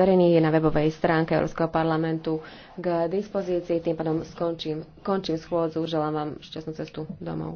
verejný je na webovej stránke Európskeho parlamentu k dispozícii. Tým pádom skončím, končím schôdzu. Želám vám šťastnú cestu domov.